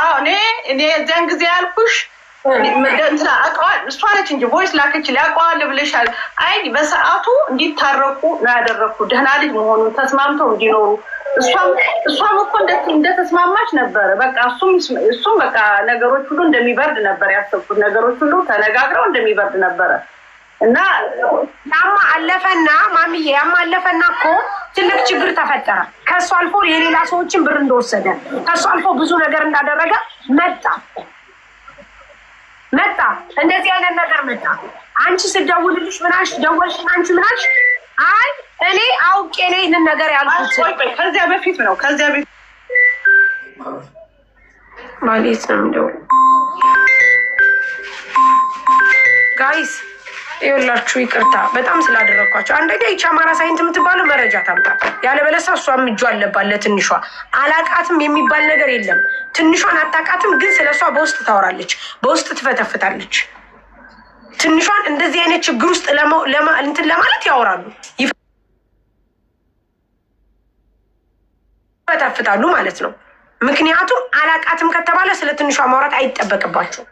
አዎ እኔ እኔ እዚያን ጊዜ ያልኩሽ እንትና እሷ ነች እንጂ ቮይስ ላከችልኝ። አውቀዋለሁ ብለሻል። አይ በሰዓቱ እንዲታረቁ ነው ያደረግኩ ደህና ልጅ መሆኑን ተስማምተው እንዲኖሩ እሷም እኮ እንደተስማማች ነበረ። በቃ እሱም በቃ ነገሮች ሁሉ እንደሚበርድ ነበር ያሰብኩት። ነገሮች ሁሉ ተነጋግረው እንደሚበርድ ነበረ። እና ያማ አለፈና ማሚዬ ያማ አለፈና እኮ ትልቅ ችግር ተፈጠረ። ከእሱ አልፎ የሌላ ሰዎችን ብር እንደወሰደ ከእሱ አልፎ ብዙ ነገር እንዳደረገ መጣ መጣ እንደዚህ አይነት ነገር መጣ። አንቺ ስደውልልሽ ምናሽ ደወልሽ አንቺ ምናሽ አይ እኔ አውቄ እኔ ይህንን ነገር ያልኩት ከዚያ በፊት ነው ከዚያ በፊት ማለት ነው እንደው ጋይስ ይኸውላችሁ ይቅርታ በጣም ስላደረግኳቸው። አንደኛ ይቺ አማራ ሳይንት የምትባለው መረጃ ታምጣ ያለበለሳ እሷም እጇ አለባት ለትንሿ። አላቃትም የሚባል ነገር የለም። ትንሿን አታቃትም፣ ግን ስለ እሷ በውስጥ ታወራለች፣ በውስጥ ትፈተፍታለች። ትንሿን እንደዚህ አይነት ችግር ውስጥ እንትን ለማለት ያወራሉ፣ ይፈተፍታሉ ማለት ነው። ምክንያቱም አላቃትም ከተባለ ስለ ትንሿ ማውራት አይጠበቅባቸው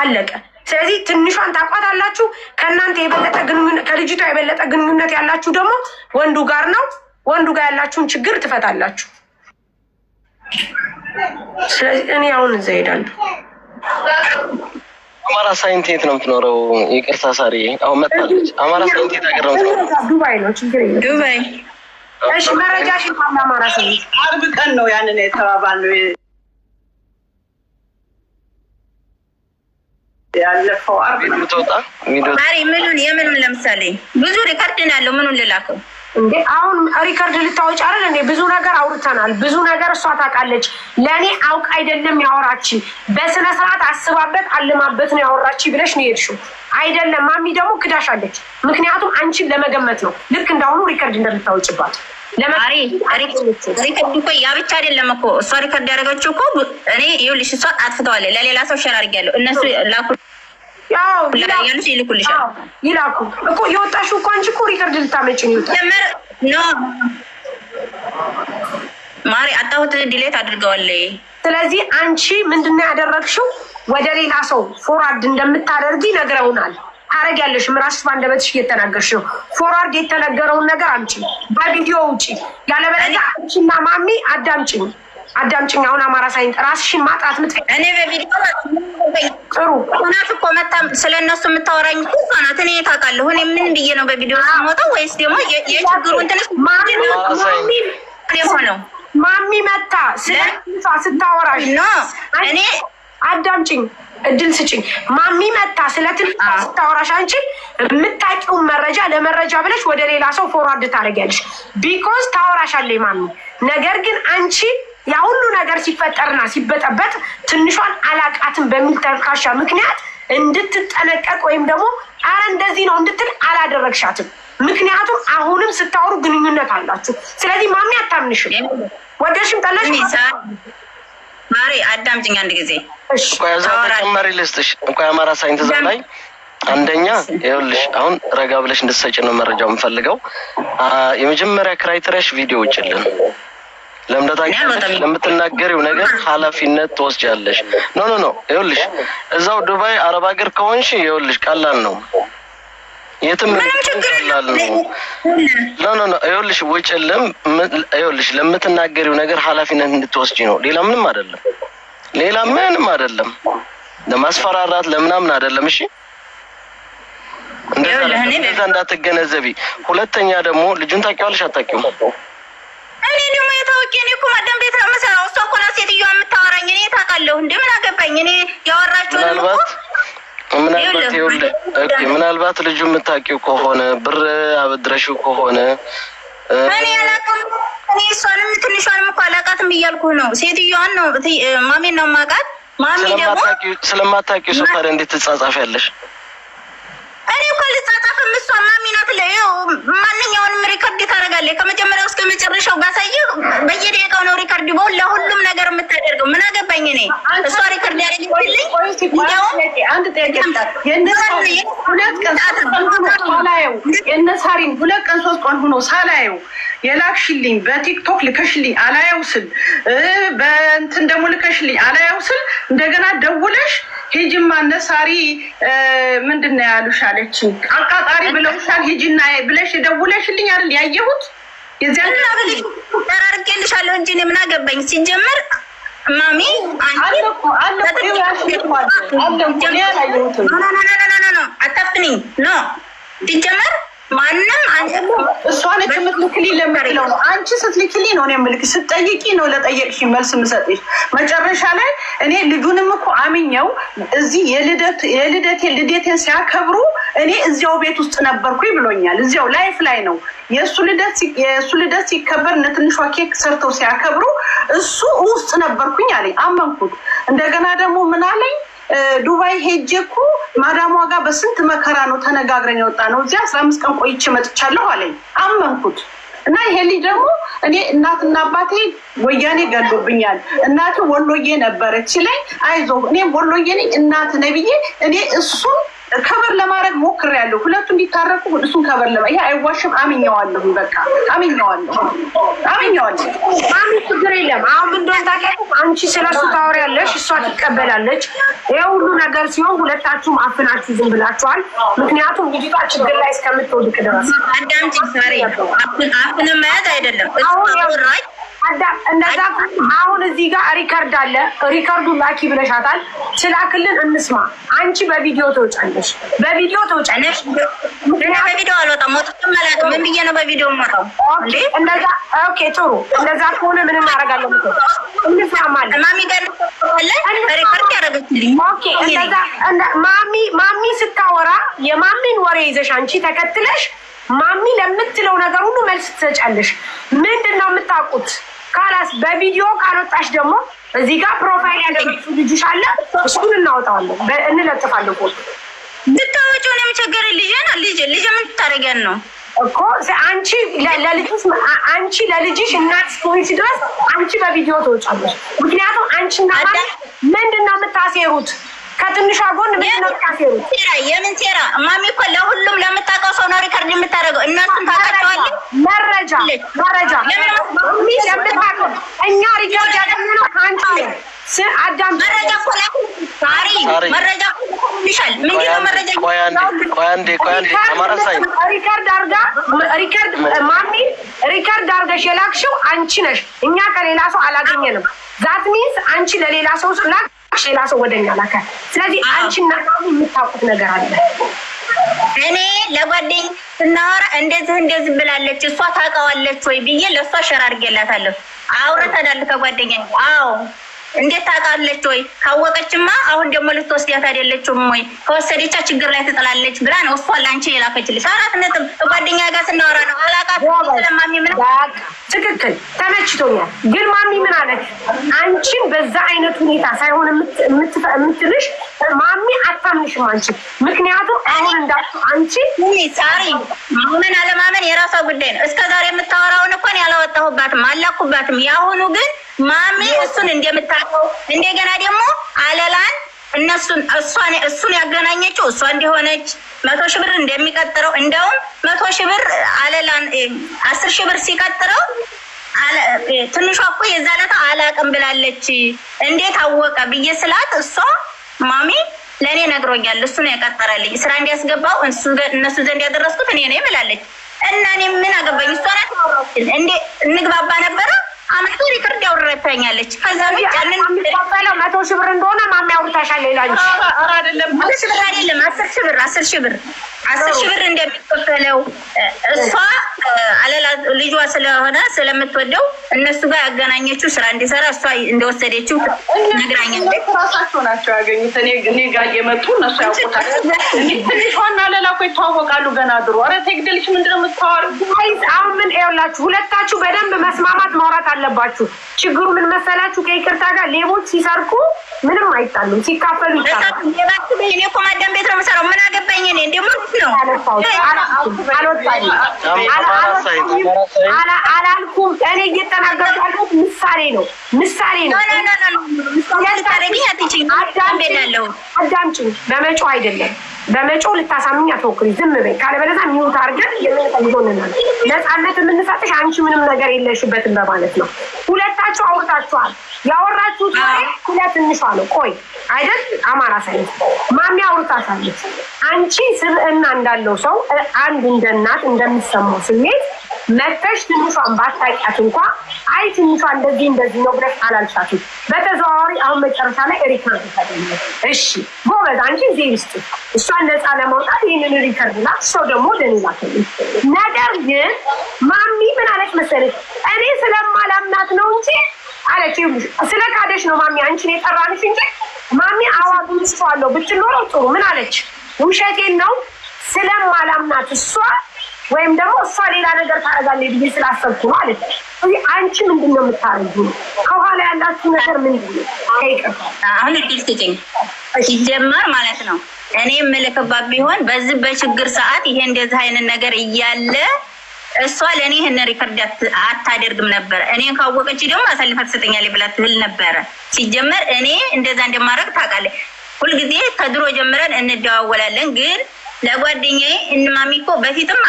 አለቀ። ስለዚህ ትንሿን ታቋታላችሁ። ከእናንተ የበለጠ ከልጅቷ የበለጠ ግንኙነት ያላችሁ ደግሞ ወንዱ ጋር ነው። ወንዱ ጋር ያላችሁን ችግር ትፈታላችሁ። ስለዚህ እኔ አሁን እዛ ሄዳለሁ። አማራ ሳይንት የት ነው የምትኖረው? ይቅርታ ሳሪ፣ አሁን መጣለች። አማራ ሳይንት የት ሀገር ነው የምትኖረው? ዱባይ ነው። ችግር የለም ዱባይ። እሺ፣ መረጃሽን አማራ ሳይንት አርብ ቀን ነው ያንን የተባባልነው ያለፈው አርብ ነው የምትወጣ። ማሪ ምኑን የምኑን ለምሳሌ ብዙ ሪከርድ ነው ያለው። ምኑን ልላከው እንዴ? አሁን ሪከርድ ልታወጭ አይደል እንዴ? ብዙ ነገር አውርተናል። ብዙ ነገር እሷ ታውቃለች። ለእኔ አውቅ አይደለም ያወራች፣ በስነ ስርዓት አስባበት አልማበት ነው ያወራች ብለሽ ነው የሄድሽው አይደለም። ማሚ ደግሞ ክዳሽ አለች። ምክንያቱም አንቺን ለመገመት ነው። ልክ እንዳሁኑ ሪከርድ እንደምታወጭባት ሪከርድ እኮ ያ ብቻ አይደለም እኮ እሷ ሪከርድ ያደረገችው እኮ እኔ ይኸውልሽ፣ እሷ አጥፍተዋለች ለሌላ ሰው ሸር አድርጊያለሁ እነሱ ላኩ ያሉት ይልኩልሻል። ይላኩ እኮ የወጣሽው እኮ አንቺ እኮ ሪከርድ ልታመጭ ነው ማሪ አጣሁት ዲሌት አድርገዋለ። ስለዚህ አንቺ ምንድነው ያደረግሽው? ወደ ሌላ ሰው ፎርዋርድ እንደምታደርጊ ነግረውናል። ታረግ ያለሽም ራስሽ በአንደበትሽ እየተናገርሽ ነው። ፎርዋርድ የተነገረውን ነገር አምጪ፣ በቪዲዮ ውጪ። ያለበለዚያ አንቺና ማሚ አዳምጪኝ አዳምጪኝ። አሁን አማራ ሳይንት ራስሽን ማጥራት ምት እኔ በቪዲዮ ጥሩ እውነት እኮ መታ ስለ እነሱ የምታወራኝ እሷ ናት። እኔ ታውቃለሁ። እኔ ምን ብዬ ነው በቪዲዮ የምወጣው? ወይስ ደግሞ የችግሩ እንትንስ ነው ማሚ መታ ስለ ስታወራሽ እኔ አዳምጪኝ እድል ስጭኝ። ማሚ መታ ስለ ትንሿ ስታወራሽ አንቺ የምታውቂውን መረጃ ለመረጃ ብለሽ ወደ ሌላ ሰው ፎርዋርድ ታደርጊያለሽ። ቢኮዝ ታወራሻለች ማሚ። ነገር ግን አንቺ ያ ሁሉ ነገር ሲፈጠርና ሲበጠበጥ ትንሿን አላቃትን በሚል ተልካሻ ምክንያት እንድትጠነቀቅ ወይም ደግሞ አረ እንደዚህ ነው እንድትል አላደረግሻትም። ምክንያቱም አሁንም ስታወሩ ግንኙነት አላችሁ። ስለዚህ ማሚ አታምንሽም፣ ወደድሽም ጠላሽ። ማሬ አዳምጪኝ አንድ ጊዜ ተጨማሪ ልስጥሽ። የአማራ ሳይንት ሳይንስ ላይ አንደኛ ይኸውልሽ፣ አሁን ረጋ ብለሽ እንድትሰጭ ነው መረጃው የምፈልገው። የመጀመሪያ ክራይቴሪያሽ ቪዲዮ ውጭልን ለምትናገሪው ነገር ኃላፊነት ትወስጃለሽ። ኖ ኖ ኖ፣ ይኸውልሽ እዛው ዱባይ አረብ ሀገር ከሆንሽ ይኸውልሽ ቀላል ነው፣ የትም ቀላል ነው። ኖ ኖ ኖ፣ ይኸውልሽ ወጪ ይኸውልሽ ለምትናገሪው ነገር ኃላፊነት እንድትወስጂ ነው። ሌላ ምንም አይደለም፣ ሌላ ምንም አይደለም። ለማስፈራራት ለምናምን አይደለም። እሺ እንደዛ እንዳትገነዘቢ። ሁለተኛ ደግሞ ልጁን ታውቂዋለሽ አታውቂውም? እኔ ደግሞ የታወቂ እኔ እኮ ማዳም ቤት ነው የምሰራው። እሷ እኮ ናት ሴትዮዋ የምታወራኝ። እኔ ታውቃለሁ እንዴ ምን አገባኝ እኔ ያወራችሁንም እኮ ምናልባት ልጁ የምታውቂው ከሆነ ብር አበድረሽው ከሆነ እኔ አላውቅም። እኔ እሷንም ትንሿንም እኮ አላውቃትም እያልኩ ነው። ሴትዮዋን ነው ማሜን ነው የማውቃት። ማሚ ደግሞ ስለማታውቂው ሰፈር እንዴት ትጻጻፊያለሽ? እኔ እኮ ልጻጻፍ የነሳሪን ሁለት ቀን ሶስት ቀን ሆኖ ሳላየው የላክሽልኝ በቲክቶክ ልከሽልኝ አላየው ስል በእንትን ደግሞ ልከሽልኝ አላየው ስል እንደገና ደውለሽ ሂጂማ እነሳሪ ምንድን ነው ያሉሽ አለችኝ። አቃጣሪ ብለውሻል ሂጂና ብለሽ ደውለሽልኝ አይደል ያየሁት ጠራርጌልሻለሁ እንጂ እኔ ምን አገባኝ ሲጀመር ማሚ አለ አታፍንኝ ኖ ትጀመር ማንም እሷ ነች የምትልክልኝ ለምትለው ነው። አንቺ ስትልክልኝ ነው የምልክ የምልክሽ፣ ስትጠይቂ ነው ለጠየቅሽኝ መልስ የምሰጥሽ። መጨረሻ ላይ እኔ ልጁንም እኮ አምኜው እዚህ የልደቴ ልደቴን ሲያከብሩ እኔ እዚያው ቤት ውስጥ ነበርኩኝ ብሎኛል። እዚያው ላይፍ ላይ ነው የእሱ ልደት ሲከበር እነ ትንሿ ኬክ ሰርተው ሲያከብሩ እሱ ውስጥ ነበርኩኝ አለኝ። አመንኩት። እንደገና ደግሞ ምን አለኝ ዱባይ ሄጄ እኮ ማዳሟ ጋር በስንት መከራ ነው ተነጋግረን የወጣ ነው። እዚያ አስራ አምስት ቀን ቆይቼ መጥቻለሁ አለኝ። አመንኩት እና ይሄ ልጅ ደግሞ እኔ እናትና አባቴ ወያኔ ገሎብኛል፣ እናቱ ወሎዬ ነበረች ላይ አይዞ እኔም ወሎዬ ነኝ እናት ነብዬ እኔ እሱን ከበር ለማድረግ ሞክር ያለው ሁለቱ እንዲታረቁ እሱን ከበር ለማ ይሄ አይዋሽም። አምኛዋለሁ፣ በቃ አምኛዋለሁ፣ አምኛዋለሁ። ማሚ ችግር የለም። አሁን እንደሆን ታውቂያለሽ፣ አንቺ ስለሱ ታወሪያለሽ፣ እሷ ትቀበላለች። ይሄ ሁሉ ነገር ሲሆን ሁለታችሁም አፍናችሁ ዝም ብላችኋል። ምክንያቱም ልጅቷ ችግር ላይ እስከምትወድቅ ድረስ አዳምጪ። ሳሪ አፍን ማየት አይደለም እሱ እንደዛ አሁን እዚህ ጋር ሪከርድ አለ። ሪከርዱ ላኪ ብለሻታል። ስላክልን እንስማ። አንቺ በቪዲዮ ትወጫለሽ፣ በቪዲዮ ትወጫለሽ። በቪዲዮ አልወጣም። ምን ብዬ ነው በቪዲዮ የምወጣው? እንደዛ ኦኬ፣ ጥሩ። እንደዛ ከሆነ ምንም አደርጋለሁ። እንስማማለን። ማሚ ማሚ ስታወራ የማሚን ወሬ ይዘሽ አንቺ ተከትለሽ ማሚ ለምትለው ነገር ሁሉ መልስ ትሰጫለሽ። ምንድን ነው የምታውቁት? ካላስ በቪዲዮ ካልወጣሽ ደግሞ እዚህ ጋር ፕሮፋይል ያደረግሽው ልጅሽ አለ። እሱን እናወጣዋለን፣ እንለጥፋለን። ቆ ብታወጪው ነው የምቸገር ልጅ ልጅ ልጅ ምን ታደርጊያን ነው እኮ አንቺ ለልጅሽ አንቺ ለልጅሽ እናት ስቶሪስ ድረስ አንቺ በቪዲዮ ትወጫለሽ። ምክንያቱም አንቺና ምንድን ነው የምታሴሩት ከትንሿ ጎን የምን ሴራ ማሚ እኮ ለሁሉም ለምታውቀው ሰው ነው ሪከርድ የምታደርገው። እነሱን ታውቃቸዋለህ። መረጃ መረጃ እኛ ሪከርድ ያገኘነው ከአንቺ አዳም መረጃ እኮ መረጃ ይሻል ምንድን ነው መረጃ? ሪከርድ አርጋ ሪከርድ ማሚ ሪከርድ አርገሽ የላክሽው አንቺ ነሽ። እኛ ከሌላ ሰው አላገኘንም። ዛት ሚንስ አንቺ ለሌላ ሰው ላክ ሌላ ሰው ወደኛ ላከ። ስለዚህ አንቺና የምታውቁት ነገር አለ። እኔ ለጓደኝ ስናወራ እንደዚህ እንደዚህ ብላለች እሷ ታውቀዋለች ወይ ብዬ ለእሷ ሸር አድርጌላታለሁ። አውርተናል ከጓደኛ አዎ እንዴት ታውቃለች ወይ? ካወቀችማ አሁን ደግሞ ልትወስዳት አይደለችም ወይ? ከወሰደቻ ችግር ላይ ትጥላለች ብላ ነው እሷ ለአንቺ የላከችልሽ። አራት ነጥብ ከጓደኛ ጋር ስናወራ ነው አላቃት ስለማሚ ምን ትክክል ተመችቶኛል። ግን ማሚ ምን አለች? አንቺን በዛ አይነት ሁኔታ ሳይሆን የምትልሽ ማሚ አታምንሽም አንቺ። ምክንያቱም አሁን እንዳ አንቺ ሳሪ ማመን አለማመን የራሷ ጉዳይ ነው። እስከዛሬ የምታወራውን እኳን ያላወጣሁባትም አላኩባትም። የአሁኑ ግን ማሚ እሱን እንደምታውቀው እንደገና ደግሞ አለላን እነሱን እሷን እሱን ያገናኘችው እሷ እንደሆነች መቶ ሺህ ብር እንደሚቀጥረው እንደውም መቶ ሺህ ብር አለላን አስር ሺህ ብር ሲቀጥረው ትንሿ እኮ የዛ ዕለት አላቅም ብላለች። እንዴት አወቀ ብዬ ስላት እሷ ማሚ ለእኔ ነግሮኛል፣ እሱ ነው የቀጠረልኝ ስራ እንዲያስገባው እነሱ ዘንድ ያደረስኩት እኔ ነው ብላለች። እና እኔ ምን አገባኝ? እሷ ናት እንግባባ ነበረ አመቶ ሪከርድ ያወረታኛለች። ከዛ ያንን የሚቀበለው መቶ ሺህ ብር እንደሆነ ማሚ ያውርታሻል። ሌላ አይደለም፣ መቶ ሺህ ብር አይደለም፣ አስር ሺህ ብር አስር ሺህ ብር አስር ሺህ ብር እንደሚቀበለው እሷ አለላ ልጇ ስለሆነ ስለምትወደው እነሱ ጋር ያገናኘችው ስራ እንዲሰራ እሷ እንደወሰደችው ነግራኛለች። ራሳቸው ናቸው ያገኙት። እኔ ጋር እየመጡ እነሱ ያውቁታል። ትንሿና አለላ እኮ ይተዋወቃሉ ገና ድሮ። ኧረ ተግደልሽ ምንድነው የምታወሪው? አሁን ምን ያላችሁ ሁለታችሁ በደንብ መስማማት ማውራት አለባችሁ። ችግሩ ምን መሰላችሁ? ከይቅርታ ጋር ሌቦች ሲሰርቁ ምንም አይጣሉም፣ ሲካፈሉ ይጣላሉ። እኔ እኮ ማዳም ቤት ነው የምሰራው። ምን አገባኝ እኔ ደግሞ ነው አላልኩም። እኔ እየተናገርኩ ያልኩት ምሳሌ ነው፣ ምሳሌ ነው። አዳምጪ፣ በመጮህ አይደለም በመጮ ልታሳምኝ አትሞክሪ። ዝም በይ፣ ካለበለዛ ሚዩት አድርገን የምንፈልገውን እናለን። ነፃነት የምንሰጥሽ አንቺ ምንም ነገር የለሽበትም በማለት ነው። ሁለታችሁ አውርታችኋል። ያወራችሁት ስለ ትንሿ ነው። ቆይ አይደል አማራ ሳይንስ ማሚ አውርታታለች። አንቺ ስብዕና እንዳለው ሰው አንድ እንደ እናት እንደሚሰማው ስሜት መተሽ ትንሿን ባታውቂያት እንኳ አይ ትንሿ እንደዚህ እንደዚህ ነው ብለሽ አላልሻትም። በተዘዋዋሪ አሁን መጨረሻ ላይ ሪከርድ ተገኘ። እሺ ጎበዝ፣ አንቺ እዚህ ውስጥ እሷን ነፃ ለማውጣት ይህንን ሪከርድ ላት፣ ሰው ደግሞ ደንላ። ነገር ግን ማሚ ምን አለች መሰለች? እኔ ስለማላምናት ነው እንጂ አለች። ስለ ካደሽ ነው ማሚ አንቺን የጠራንሽ እንጂ ማሚ አዋቢ ልስዋለሁ ብትኖረው ጥሩ። ምን አለች? ውሸቴን ነው ስለማላምናት እሷ ወይም ደግሞ እሷ ሌላ ነገር ታደርጋለች ብዬ ስላሰብኩ ማለት ነው አለች። አንቺ ምንድን ነው የምታደርጉ? ከኋላ ያላችሁ ነገር ምንድን ነው? አሁን እድል ስጭኝ ሲጀመር ማለት ነው። እኔ የምልክባት ቢሆን በዚህ በችግር ሰዓት ይሄ እንደዚህ አይነት ነገር እያለ እሷ ለእኔ ይህን ሪከርድ አታደርግም ነበር። እኔ ካወቀች ደግሞ አሳልፋ ትሰጠኛለች ብላ ትህል ነበረ። ሲጀመር እኔ እንደዛ እንደማድረግ ታውቃለች። ሁልጊዜ ከድሮ ጀምረን እንደዋወላለን ግን ለጓደኛዬ እንማሚ እኮ በፊትም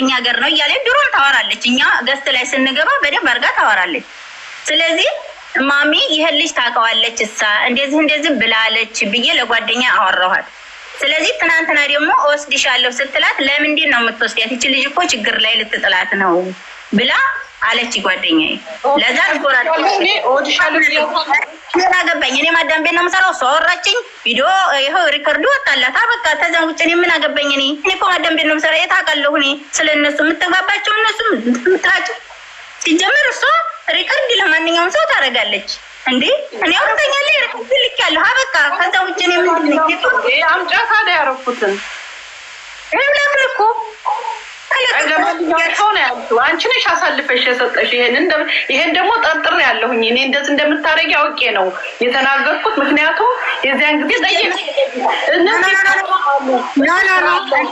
እኛ ሀገር ነው እያለ ድሮም ታወራለች። እኛ ገስት ላይ ስንገባ በደንብ አድርጋ ታወራለች። ስለዚህ ማሚ ይህን ልጅ ታውቀዋለች፣ እሳ እንደዚህ እንደዚህ ብላለች ብዬ ለጓደኛ አወራኋት። ስለዚህ ትናንትና ደግሞ እወስድሻለሁ ስትላት ለምንድን ነው የምትወስዳት? ይቺ ልጅ እኮ ችግር ላይ ልትጥላት ነው ብላ አለች ጓደኛዬ። ለዛ ምን አገባኝ እኔ ማዳም ቤት ነው የምሰራው። እሷ አወራችኝ፣ ቪዲዮ ይኸው ሪከርዱ ወጣላት። በቃ ተዛን ውጭ እኔ ምን አገባኝ። እኔ እኔ እኮ ማዳም ቤት ነው የምሰራ የታውቃለሁ። እኔ ስለ እነሱ የምትግባባቸው እነሱ የምትላቸው ሲጀምር እሷ ሪከርድ ለማንኛውም ሰው ታደርጋለች። እንዴ እኔ አውርተኛለ ሪከርድ ልክ ያለሁ በቃ ከዛ ውጭ እኔ ምንድን ነው አምጫ ታዲያ ያረኩትን ይህም ለምን እኮ የሰጠሽው አንቺ ነሽ አሳልፈሽ የሰጠሽ። ይሄን ደግሞ ጠርጥር ያለሁኝ እኔ እንደዚህ እንደምታደርጊ አውቄ ነው የተናገርኩት። ምክንያቱም የዚያን ጊዜ ጠይቅ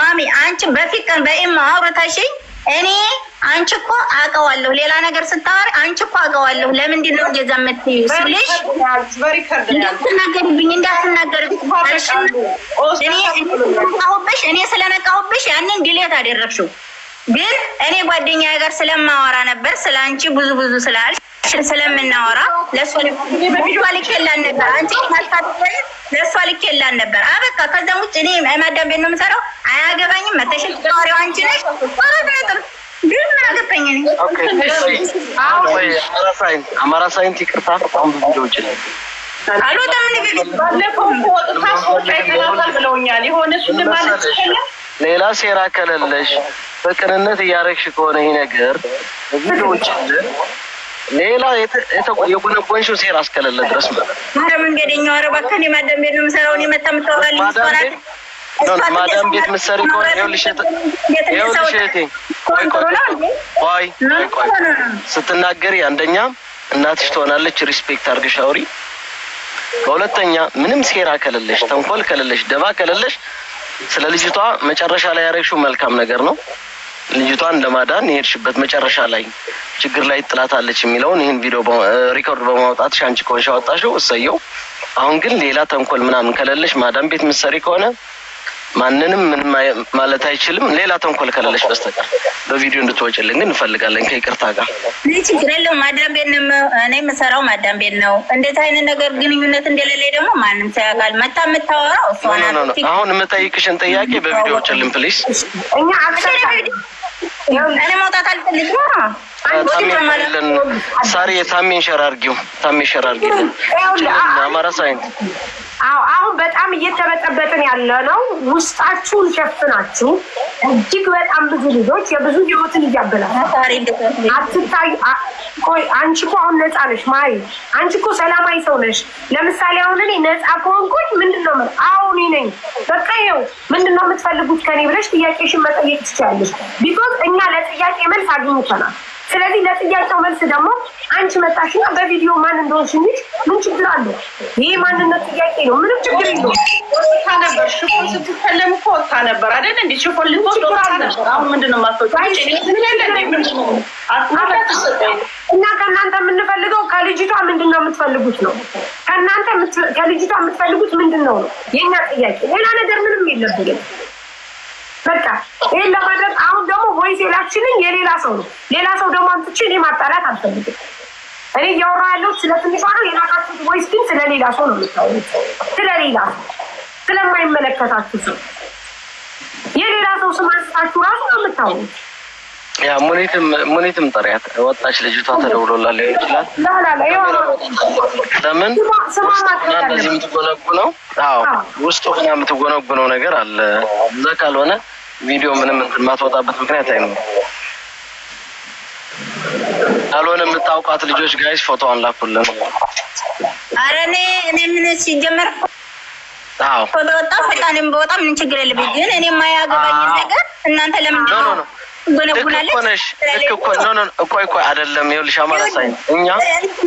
ማሚ አንቺ በፊት ቀን በኤም አውረታሽኝ እኔ አንቺ እኮ አውቀዋለሁ። ሌላ ነገር ስታወሪ አንቺ እኮ አውቀዋለሁ። ለምንድን ነው እንደዛ የምትይው? ስልሽ እንዳትናገሪብኝ እንዳትናገሪብኝ እኔ ስለነቃሁብሽ ያንን ግሌት አደረግሽው። ግን እኔ ጓደኛ ጋር ስለማወራ ነበር ስለ አንቺ ብዙ ብዙ ስላልሽ ስለምናወራ ለእሷ ልኬላን ነበር። አንቺ ለእሷ ልኬላን ነበር። አበቃ። ከዚም ውጭ እኔ ማዳም ቤት ነው የምሰራው። አያገባኝም። መተሽ ታወሪው አንቺ ነሽ። ረት አማራ ሳይንት ይቅርታ፣ በጣም ብዙ አልወጣም ሌላ ሴራ ከለለሽ በቅንነት እያረግሽ ከሆነ ይህ ነገር ሌላ የጎነጎንሽው ሴራ እስከለለ ድረስ ማለት ነው። መንገደኛው፣ አረ እባክህ እኔ ቤት ነው የምታወራልኝ ማዳም ቤት ምሰሪ ከሆነ ይኸውልሽ፣ እህቴ ቆይ ቆይ ቆይ ስትናገሪ፣ አንደኛ እናትሽ ትሆናለች፣ ሪስፔክት አድርገሽ አውሪ። በሁለተኛ ምንም ሴራ ከሌለሽ፣ ተንኮል ከሌለሽ፣ ደባ ከሌለሽ ስለ ልጅቷ መጨረሻ ላይ ያደረግሽው መልካም ነገር ነው። ልጅቷን ለማዳን የሄድሽበት መጨረሻ ላይ ችግር ላይ ጥላታለች የሚለውን ይህን ቪዲዮ ሪኮርድ በማውጣትሽ አንቺ ከሆንሽ አወጣሽው፣ እሰየው። አሁን ግን ሌላ ተንኮል ምናምን ከሌለሽ ማዳም ቤት ምሰሪ ከሆነ ማንንም ምንም ማለት አይችልም። ሌላ ተንኮል ከሌለሽ በስተቀር በቪዲዮ እንድትወጭልን ግን እንፈልጋለን ከይቅርታ ጋር። እኔ ችግር የለውም። ማዳም ቤት ነው እኔ የምሰራው ማዳም ቤት ነው። እንዴት አይነት ነገር ግንኙነት እንደሌለ ደግሞ ማንም ሰው መታ የምታወራው እሷ ናት። አሁን የምጠይቅሽን ጥያቄ በቪዲዮ ወጭልን ፕሊስ። እኛ እኔ መውጣት አልፈልግም። ሳሪ ታሜ እንሸራርጊው ታሜ እንሸራርጊልን አማራ ሳይንት አዎ አሁን በጣም እየተበጠበጥን ያለ ነው። ውስጣችሁን ሸፍናችሁ እጅግ በጣም ብዙ ልጆች የብዙ ህይወትን እያበላችሁ አትታዩ። አንቺ እኮ አሁን ነፃ ነሽ ማይ፣ አንቺ እኮ ሰላማዊ ሰው ነሽ። ለምሳሌ አሁን እኔ ነፃ ከሆንኩኝ ምንድን ነው አሁን ነኝ በቃ ይኸው፣ ምንድን ነው የምትፈልጉት ከኔ ብለሽ ጥያቄሽን መጠየቅ ትችላለሽ። ቢኮዝ እኛ ለጥያቄ መልስ አግኝተናል። ስለዚህ ለጥያቄው መልስ ደግሞ አንቺ መጣሽና በቪዲዮ ማን እንደሆንሽ እንጂ ምን ችግር አለ? ይህ ማንነት ጥያቄ ነው። ምንም ችግር የለውም። ወጥታ ነበር አይደል? እንደ ሽፎን ልትወጣ ነበር። አሁን ከእናንተ የምንፈልገው ከልጅቷ ምንድን ነው የምትፈልጉት ነው። ከእናንተ ከልጅቷ የምትፈልጉት ምንድን ነው ነው የእኛ ጥያቄ። ሌላ ነገር ምንም የለብንም። በቃ ይህን ለማድረግ አሁን ደግሞ ቮይስ የላችልኝ የሌላ ሰው ነው። ሌላ ሰው ደግሞ አምጥቼ እኔ ማጣላት አልፈልግም። እኔ እያወራ ያለው ስለ ትንሿ ነው። የላካችሁት ቮይስ ግን ስለሌላ ሰው ነው የምታወሩት፣ ስለሌላ ሰው፣ ስለማይመለከታችሁ ሰው የሌላ ሰው ስም አንስታችሁ ራሱ ነው የምታወሩት። ያ ሙኒትም ሙኒትም ወጣች። ልጅቷ ተደውሎላ ሊሆን ይችላል። ለምን እንደዚህ አዎ ውስጡ ሆና ነገር አለ። እዛ ካልሆነ ቪዲዮ ምንም የማትወጣበት ምክንያት አይ ነው ካልሆነ የምታውቋት ልጆች ጋይስ ፎቶ አንላኩልን። አረ እኔ እኔ ምን ሲጀመር ፎቶ ወጣ ፈጣንም በወጣ ምን ችግር የለብኝ። ግን እኔ የማያገባኝ ነገር እናንተ ለምንድን ነው ጎነጉናለች? ልክ እኮ ኖ ኖ እኮ እኮ አይደለም። ይኸውልሽ አማራ ሳይ እኛ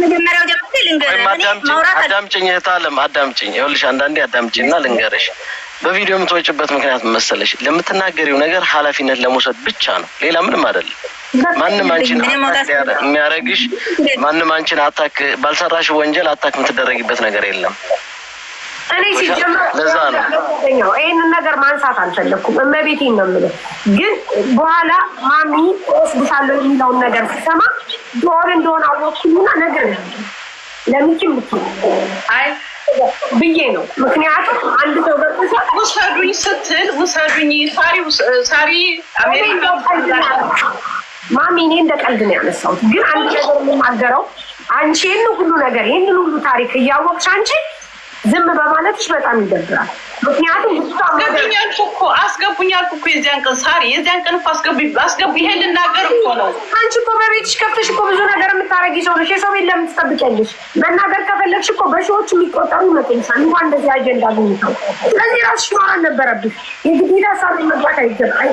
መጀመሪያው ጀምሮ ልንገርሽ። አዳምጪኝ እህት አለም አዳምጪኝ። ይኸውልሽ አንዳንዴ አዳምጪኝ እና ልንገርሽ በቪዲዮ የምትወጭበት ምክንያት መሰለሽ ለምትናገሪው ነገር ኃላፊነት ለመውሰድ ብቻ ነው። ሌላ ምንም አይደለም። ማንም አንቺን የሚያደርግሽ ማንም አንቺን አታክ ባልሰራሽ ወንጀል አታክ የምትደረጊበት ነገር የለም። እኔ ለዛ ነው ይህንን ነገር ማንሳት አልፈለግኩም። እመቤቴን ነው የምልህ። ግን በኋላ ማሚ ወስድሻለሁ የሚለውን ነገር ሲሰማ ዶር እንደሆነ አወቅኩኝና ነገር ለምችም ለምንችም አይ ብዬ ነው። ምክንያቱም አንድ ሰው በጥሰ ውሰዱኝ ስትል ውሰዱኝ ሳሪ ሳሪ ማሚ እኔ እንደ ቀልድ ነው ያነሳሁት። ግን አንድ ነገር የምናገረው አንቺ ይህን ሁሉ ነገር ይህንን ሁሉ ታሪክ እያወቅሽ አንቺ ዝም በማለትሽ በጣም ይደብራል። ምክንያቱም እኮ አስገቡኝ አልኩ እኮ የዚያን ቀን ሳሪ፣ የዚያን ቀን እኮ አስገቡ አስገቡ። ይሄን ልናገር እኮ ነው። አንቺ እኮ በቤትሽ ከፍተሽ እኮ ብዙ ነገር የምታረጊ ሰው ነሽ። የሰው ቤት ለምን ትጠብቂያለሽ? መናገር ከፈለግሽ እኮ በሺዎች የሚቆጠሩ ይመጡልሻል። እንኳ እንደዚህ አጀንዳ ግኝተው። ስለዚህ ራስሽ ማራን ነበረብሽ። የግዴታ ሳሪ መግባት አይገባል።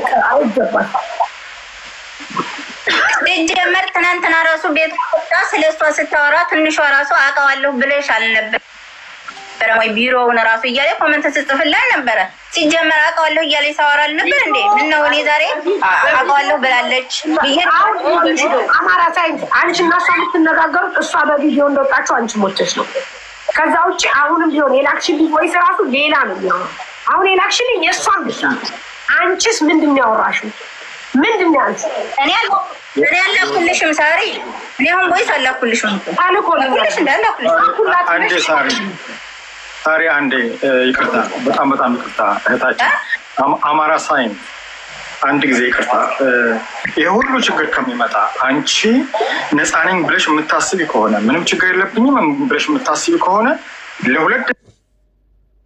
ጀመር ትናንትና ራሱ ቤት ስለ እሷ ስታወራ ትንሿ ራሱ አውቀዋለሁ ብለሽ አልነበር አልነበረም ወይ? ቢሮውን ራሱ እያለ ኮመንት ስጽፍላል ነበረ። ሲጀመር አውቀዋለሁ እያለ ሳወራ ነበር እንዴ? ምነው እኔ ዛሬ አውቀዋለሁ ብላለች አማራ ሳይንስ አንቺ እና እሷ የምትነጋገሩት እሷ በቪዲዮ እንደወጣችሁ አንቺ ሞቸች ነው። ከዛ ውጭ አሁንም ቢሆን የላክሽልኝ ወይስ ራሱ ሌላ ነው የሚሆነው። አሁን የላክሽልኝ የእሷ ብቻ። አንቺስ ምንድን ነው ያወራሽው? ምንድን ነው ያልሽው? እኔ ያል እኔ አላኩልሽም ሳሪ። እኔ አሁን ወይስ አላኩልሽም? አልኮ እንዳላኩልሽ አንድ ሳሪ ሳሪ አንዴ ይቅርታ፣ በጣም በጣም ይቅርታ እህታችን አማራ ሳይን አንድ ጊዜ ይቅርታ። ይህ ሁሉ ችግር ከሚመጣ አንቺ ነፃ ነኝ ብለሽ የምታስቢ ከሆነ ምንም ችግር የለብኝም ብለሽ የምታስቢ ከሆነ ለሁለት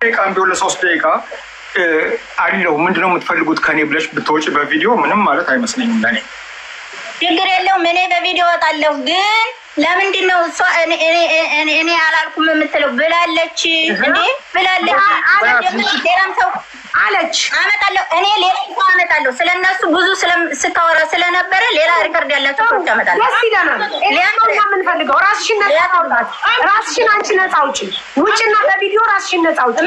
ደቂቃ ቢሆን ለሶስት ደቂቃ አለው ምንድነው የምትፈልጉት ከኔ ብለሽ ብትወጪ በቪዲዮ ምንም ማለት አይመስለኝም ለኔ ችግር የለውም። እኔ በቪዲዮ ወጣለሁ ግን ለምንድን ነው እሷ እኔ አላልኩም የምትለው? ብላለች እንዴ ብላለች። ሌላም ሰው አለች አመጣለሁ፣ እኔ ሌላ ሰው አመጣለሁ። ስለነሱ ብዙ ስታወራ ስለነበረ ሌላ ሪከርድ ያላቸው ሰዎች አመጣለሁ። የምንፈልገው ራስሽን ነፃ አውጣት። ራስሽን አንቺ ነፃ አውጪ፣ ውጭና በቪዲዮ ራስሽን አውጪ።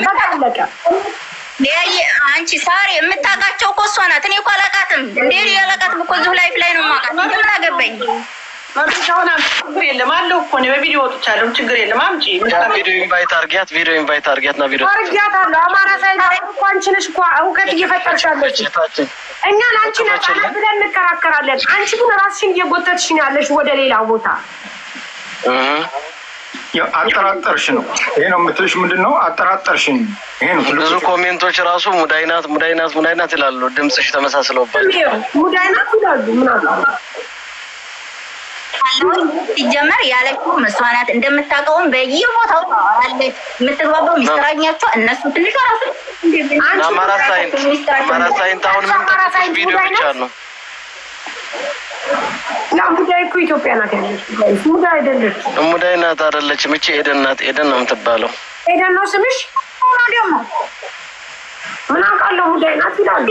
አንቺ ሳሪ የምታውቃቸው እኮ እሷ ናት። እኔ እኮ አላውቃትም። እንዴ አላውቃትም እኮ እዚሁ ላይፍ ላይ ነው የማውቃት። ምን አገባኝ መረጃውን ችግር የለም አለው እኮ እኔ በቪዲዮ ወጥቻለሁ። ችግር የለም አምጪ። ቪዲዮ ኢንቫይት አድርጊያት፣ ቪዲዮ ኢንቫይት አድርጊያት ና ቪዲዮ አድርጊያታለሁ። አማራ ሳይንስ እኮ አንቺ ነሽ እኮ እውቀት እየፈጠርሻለች። እኛ ለአንቺ ነጻ ብለን እንከራከራለን። አንቺ ግን ራስሽን እየጎተትሽን ያለሽ ወደ ሌላ ቦታ አጠራጠርሽ ነው። ይሄ ነው የምትልሽ ምንድን ነው? አጠራጠርሽኝ። ይሄ ነው ብዙ ኮሜንቶች ራሱ ሙዳይናት ሙዳይናት ሙዳይናት ይላሉ። ድምፅሽ ተመሳስለውባል ሙዳይናት ይላሉ ምናምን ሲጀመር ያለችው እሷ ናት። እንደምታውቀውም በየቦታው አለች። የምትግባባው ሚስጥራኛቸው እነሱ ትንሽ ራሱ ሙዳይ ናት ያለች። ሙዳይ አይደለች። ሙዳይ ኤደን ናት። ኤደን ነው የምትባለው። ኤደን ነው ስምሽ ደግሞ ምን አውቃለሁ። ሙዳይ ናት ይላሉ።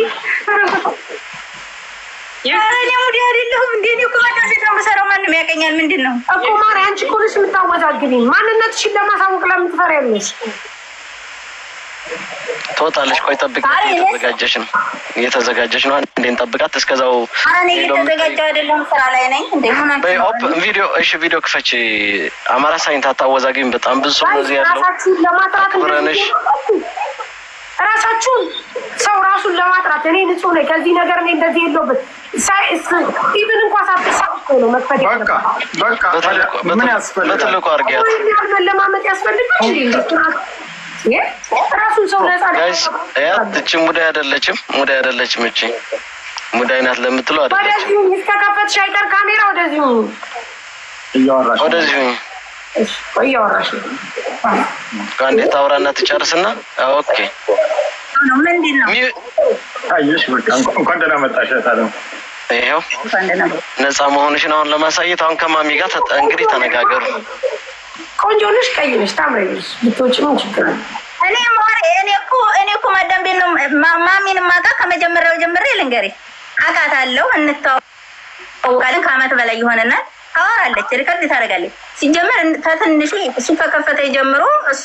እኔ ሙዲ አይደለሁም እንዴ? እኔ እኮ በቃ ሴት የምሰራው ማንም ያውቀኛል። ምንድን ነው እኮ ማሪ፣ አንቺ እኮ ነሽ የምታወዛግኝ። ማንነትሽን ለማሳወቅ ለምትፈሪያለሽ ትወጣለች። ቆይ ጠብቅ፣ እየተዘጋጀች ነው እየተዘጋጀች ነው። እንዴ እንጠብቃት እስከዛው። እየተዘጋጀሁ አይደለም ስራ ላይ ነኝ። ቪዲዮ እሺ፣ ቪዲዮ ክፈች። አማራ ሳይንት አታወዛግኝ። በጣም ብዙ ሰው እዚህ ያለው ክብረንሽ ራሳችሁን ሰው ራሱን ለማጥራት እኔ ንጹህ ነኝ፣ ከዚህ ነገር እኔ እንደዚህ የለውበት ኢብን እንኳ ሳሳ ነው መክፈት በትልቁ አድርጊያት ያስፈልጋል። ራሱን ሰው ነጻ ሙዳይ አይደለችም፣ ሙዳይ አይደለችም እች ሙዳይ ናት ለምትለው አይደለችም። ወደዚሁ እስከከፈትሽ አይቀር ካሜራ ወደዚሁ ወደዚሁ አንዴ ታውራና ትጨርስና ኦኬ ይኸው ነፃ መሆንሽን አሁን ለማሳየት አሁን ከማሚ ጋር እንግዲህ ተነጋገሩ። ቆንጆ ነሽ፣ ቀይ ነሽ፣ ብትወጪ ምን ችግር አለ? እኔ እኔ እኮ ነው ማሚን ማጋ ከመጀመሪያው ጀምሬ ልንገሬ አውቃታለሁ። እንታወቃለን ከአመት በላይ ይሆነናል። ታወራለች፣ ሪከርድ ታደርጋለች። ሲጀመር ከትንሹ እሱ ከከፈተ ጀምሮ እሷ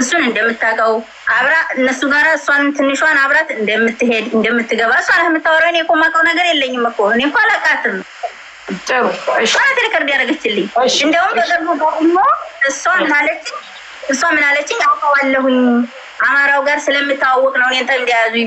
እሱን እንደምታውቀው አብራ እነሱ ጋር እሷን ትንሿን አብራት እንደምትሄድ እንደምትገባ እሷ ናት የምታወራው። እኔ እኮ የማውቀው ነገር የለኝም እኮ እኔ እኮ አላውቃትም። ጥሩት ሪከርድ ያደረገችልኝ። እንደውም በቅርቡ ደግሞ እሷ ምን አለችኝ? እሷ ምን አለችኝ? አውቀዋለሁኝ አማራው ጋር ስለምታዋወቅ ነው እኔን ጠብ እንዲያያዙ